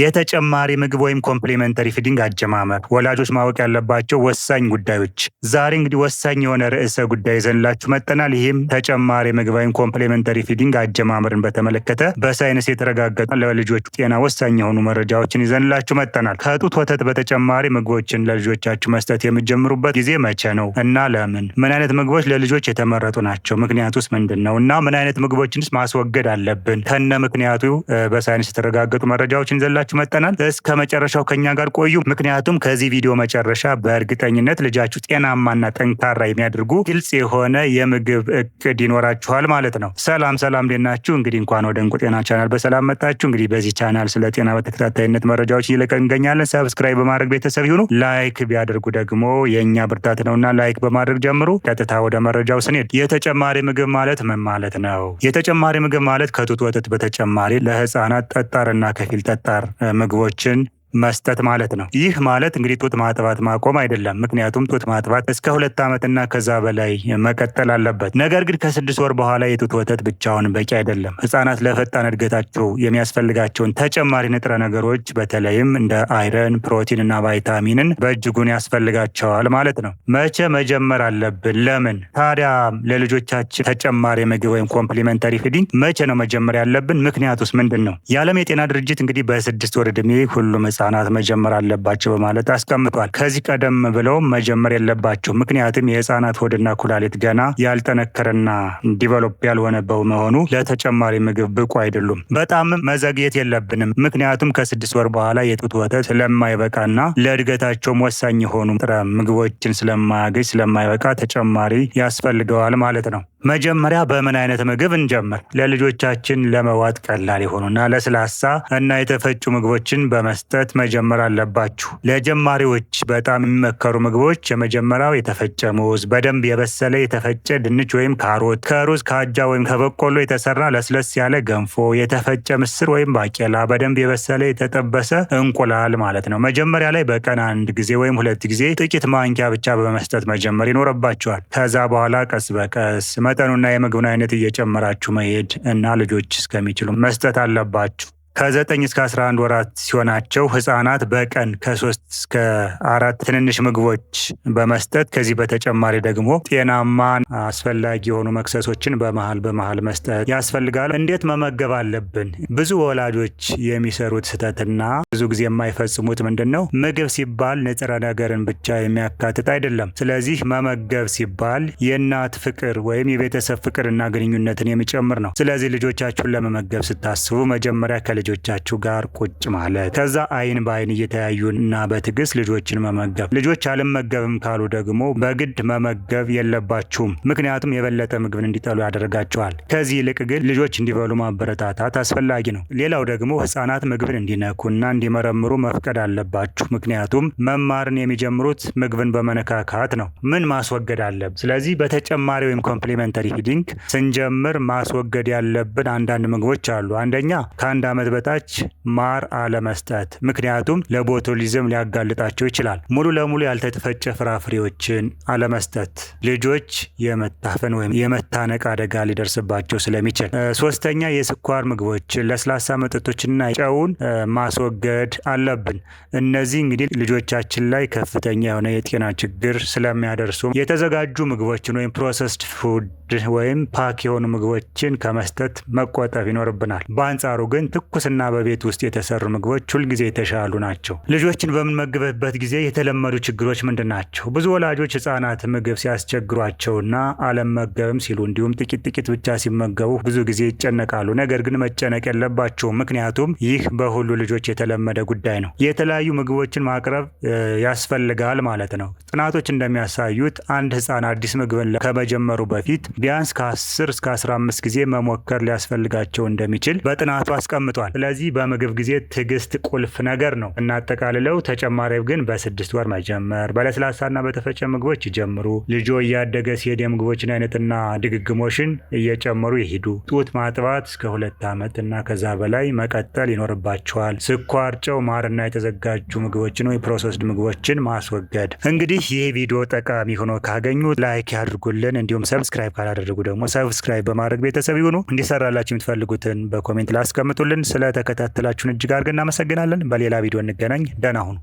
የተጨማሪ ምግብ ወይም ኮምፕሊመንተሪ ፊዲንግ አጀማመር ወላጆች ማወቅ ያለባቸው ወሳኝ ጉዳዮች። ዛሬ እንግዲህ ወሳኝ የሆነ ርዕሰ ጉዳይ ይዘንላችሁ መጠናል። ይህም ተጨማሪ ምግብ ወይም ኮምፕሊመንተሪ ፊዲንግ አጀማመርን በተመለከተ በሳይንስ የተረጋገጡ ለልጆች ጤና ወሳኝ የሆኑ መረጃዎችን ይዘንላችሁ መጠናል። ከጡት ወተት በተጨማሪ ምግቦችን ለልጆቻችሁ መስጠት የምጀምሩበት ጊዜ መቼ ነው እና ለምን? ምን አይነት ምግቦች ለልጆች የተመረጡ ናቸው? ምክንያቱስ ምንድን ነው እና ምን አይነት ምግቦችንስ ማስወገድ አለብን? ከነ ምክንያቱ በሳይንስ የተረጋገጡ መረጃዎችን ይዘንላችሁ መጥተናል። እስከ መጨረሻው ከኛ ጋር ቆዩ። ምክንያቱም ከዚህ ቪዲዮ መጨረሻ በእርግጠኝነት ልጃችሁ ጤናማና ጠንካራ የሚያደርጉ ግልጽ የሆነ የምግብ እቅድ ይኖራችኋል ማለት ነው። ሰላም ሰላም፣ እንዴት ናችሁ? እንግዲህ እንኳን ወደ እንቁ ጤና ቻናል በሰላም መጣችሁ። እንግዲህ በዚህ ቻናል ስለ ጤና በተከታታይነት መረጃዎች እየለቀቅን እንገኛለን። ሰብስክራይብ በማድረግ ቤተሰብ ይሁኑ። ላይክ ቢያደርጉ ደግሞ የእኛ ብርታት ነውና ላይክ በማድረግ ጀምሩ። ቀጥታ ወደ መረጃው ስንሄድ የተጨማሪ ምግብ ማለት ምን ማለት ነው? የተጨማሪ ምግብ ማለት ከጡት ወተት በተጨማሪ ለህፃናት ጠጣርና ከፊል ጠጣር ምግቦችን መስጠት ማለት ነው። ይህ ማለት እንግዲህ ጡት ማጥባት ማቆም አይደለም። ምክንያቱም ጡት ማጥባት እስከ ሁለት ዓመትና ከዛ በላይ መቀጠል አለበት። ነገር ግን ከስድስት ወር በኋላ የጡት ወተት ብቻውን በቂ አይደለም። ህጻናት ለፈጣን እድገታቸው የሚያስፈልጋቸውን ተጨማሪ ንጥረ ነገሮች በተለይም እንደ አይረን፣ ፕሮቲን እና ቫይታሚንን በእጅጉን ያስፈልጋቸዋል ማለት ነው። መቼ መጀመር አለብን? ለምን ታዲያ ለልጆቻችን ተጨማሪ ምግብ ወይም ኮምፕሊመንተሪ ፊዲንግ መቼ ነው መጀመር ያለብን? ምክንያቱስ ምንድን ነው? የዓለም የጤና ድርጅት እንግዲህ በስድስት ወር ዕድሜ ሁሉም ህጻናት መጀመር አለባቸው በማለት አስቀምጧል። ከዚህ ቀደም ብለው መጀመር የለባቸው ምክንያቱም የህጻናት ሆድና ኩላሊት ገና ያልጠነከረና ዲቨሎፕ ያልሆነ በመሆኑ ለተጨማሪ ምግብ ብቁ አይደሉም። በጣም መዘግየት የለብንም ምክንያቱም ከስድስት ወር በኋላ የጡት ወተት ስለማይበቃና ለእድገታቸውም ወሳኝ የሆኑ ጥረ ምግቦችን ስለማያገኝ ስለማይበቃ ተጨማሪ ያስፈልገዋል ማለት ነው። መጀመሪያ በምን አይነት ምግብ እንጀምር? ለልጆቻችን ለመዋጥ ቀላል የሆኑና ለስላሳ እና የተፈጩ ምግቦችን በመስጠት መጀመር አለባችሁ። ለጀማሪዎች በጣም የሚመከሩ ምግቦች የመጀመሪያው የተፈጨ ሙዝ፣ በደንብ የበሰለ የተፈጨ ድንች ወይም ካሮት፣ ከሩዝ ከአጃ ወይም ከበቆሎ የተሰራ ለስለስ ያለ ገንፎ፣ የተፈጨ ምስር ወይም ባቄላ፣ በደንብ የበሰለ የተጠበሰ እንቁላል ማለት ነው። መጀመሪያ ላይ በቀን አንድ ጊዜ ወይም ሁለት ጊዜ ጥቂት ማንኪያ ብቻ በመስጠት መጀመር ይኖረባቸዋል። ከዛ በኋላ ቀስ በቀስ መጠኑና የምግብን አይነት እየጨመራችሁ መሄድ እና ልጆች እስከሚችሉ መስጠት አለባችሁ። ከዘጠኝ እስከ 11 ወራት ሲሆናቸው ህፃናት በቀን ከሶስት እስከ አራት ትንንሽ ምግቦች በመስጠት ከዚህ በተጨማሪ ደግሞ ጤናማ አስፈላጊ የሆኑ መክሰሶችን በመሀል በመሀል መስጠት ያስፈልጋል። እንዴት መመገብ አለብን? ብዙ ወላጆች የሚሰሩት ስህተትና ብዙ ጊዜ የማይፈጽሙት ምንድን ነው? ምግብ ሲባል ንጥረ ነገርን ብቻ የሚያካትት አይደለም። ስለዚህ መመገብ ሲባል የእናት ፍቅር ወይም የቤተሰብ ፍቅርና ግንኙነትን የሚጨምር ነው። ስለዚህ ልጆቻችሁን ለመመገብ ስታስቡ መጀመሪያ ከልጅ ከልጆቻችሁ ጋር ቁጭ ማለት፣ ከዛ አይን በአይን እየተያዩና በትዕግስት ልጆችን መመገብ። ልጆች አልመገብም ካሉ ደግሞ በግድ መመገብ የለባችሁም፣ ምክንያቱም የበለጠ ምግብን እንዲጠሉ ያደርጋቸዋል። ከዚህ ይልቅ ግን ልጆች እንዲበሉ ማበረታታት አስፈላጊ ነው። ሌላው ደግሞ ህጻናት ምግብን እንዲነኩና እንዲመረምሩ መፍቀድ አለባችሁ፣ ምክንያቱም መማርን የሚጀምሩት ምግብን በመነካካት ነው። ምን ማስወገድ አለብ? ስለዚህ በተጨማሪ ወይም ኮምፕሊመንተሪ ፊዲንግ ስንጀምር ማስወገድ ያለብን አንዳንድ ምግቦች አሉ። አንደኛ ከአንድ ዓመት በታች ማር አለመስጠት፣ ምክንያቱም ለቦቶሊዝም ሊያጋልጣቸው ይችላል። ሙሉ ለሙሉ ያልተፈጨ ፍራፍሬዎችን አለመስጠት፣ ልጆች የመታፈን ወይም የመታነቅ አደጋ ሊደርስባቸው ስለሚችል፣ ሶስተኛ የስኳር ምግቦችን፣ ለስላሳ መጠጦችና ጨውን ማስወገድ አለብን። እነዚህ እንግዲህ ልጆቻችን ላይ ከፍተኛ የሆነ የጤና ችግር ስለሚያደርሱ የተዘጋጁ ምግቦችን ወይም ፕሮሰስድ ፉድ ወይም ፓክ የሆኑ ምግቦችን ከመስጠት መቆጠብ ይኖርብናል። በአንጻሩ ግን ትኩ ትኩስና በቤት ውስጥ የተሰሩ ምግቦች ሁልጊዜ የተሻሉ ናቸው። ልጆችን በምንመግብበት ጊዜ የተለመዱ ችግሮች ምንድን ናቸው? ብዙ ወላጆች ህጻናት ምግብ ሲያስቸግሯቸውና አለመገብም ሲሉ እንዲሁም ጥቂት ጥቂት ብቻ ሲመገቡ ብዙ ጊዜ ይጨነቃሉ። ነገር ግን መጨነቅ የለባቸውም፣ ምክንያቱም ይህ በሁሉ ልጆች የተለመደ ጉዳይ ነው። የተለያዩ ምግቦችን ማቅረብ ያስፈልጋል ማለት ነው። ጥናቶች እንደሚያሳዩት አንድ ህፃን አዲስ ምግብን ከመጀመሩ በፊት ቢያንስ ከ10 እስከ 15 ጊዜ መሞከር ሊያስፈልጋቸው እንደሚችል በጥናቱ አስቀምጧል። ተናግረዋል። ስለዚህ በምግብ ጊዜ ትዕግስት ቁልፍ ነገር ነው። እናጠቃልለው። ተጨማሪ ግን በስድስት ወር መጀመር፣ በለስላሳና በተፈጨ ምግቦች ይጀምሩ። ልጆ እያደገ ሲሄድ የምግቦችን አይነትና ድግግሞሽን እየጨመሩ ይሂዱ። ጡት ማጥባት እስከ ሁለት ዓመት እና ከዛ በላይ መቀጠል ይኖርባቸዋል። ስኳር፣ ጨው፣ ማርና የተዘጋጁ ምግቦችን ወይ ፕሮሰስድ ምግቦችን ማስወገድ። እንግዲህ ይህ ቪዲዮ ጠቃሚ ሆኖ ካገኙ ላይክ ያድርጉልን። እንዲሁም ሰብስክራይብ ካላደረጉ ደግሞ ሰብስክራይብ በማድረግ ቤተሰብ ይሁኑ። እንዲሰራላቸው የምትፈልጉትን በኮሜንት ላስቀምጡልን። ስለተከታተላችሁን እጅግ አድርገን እናመሰግናለን። በሌላ ቪዲዮ እንገናኝ። ደህና ሁኑ።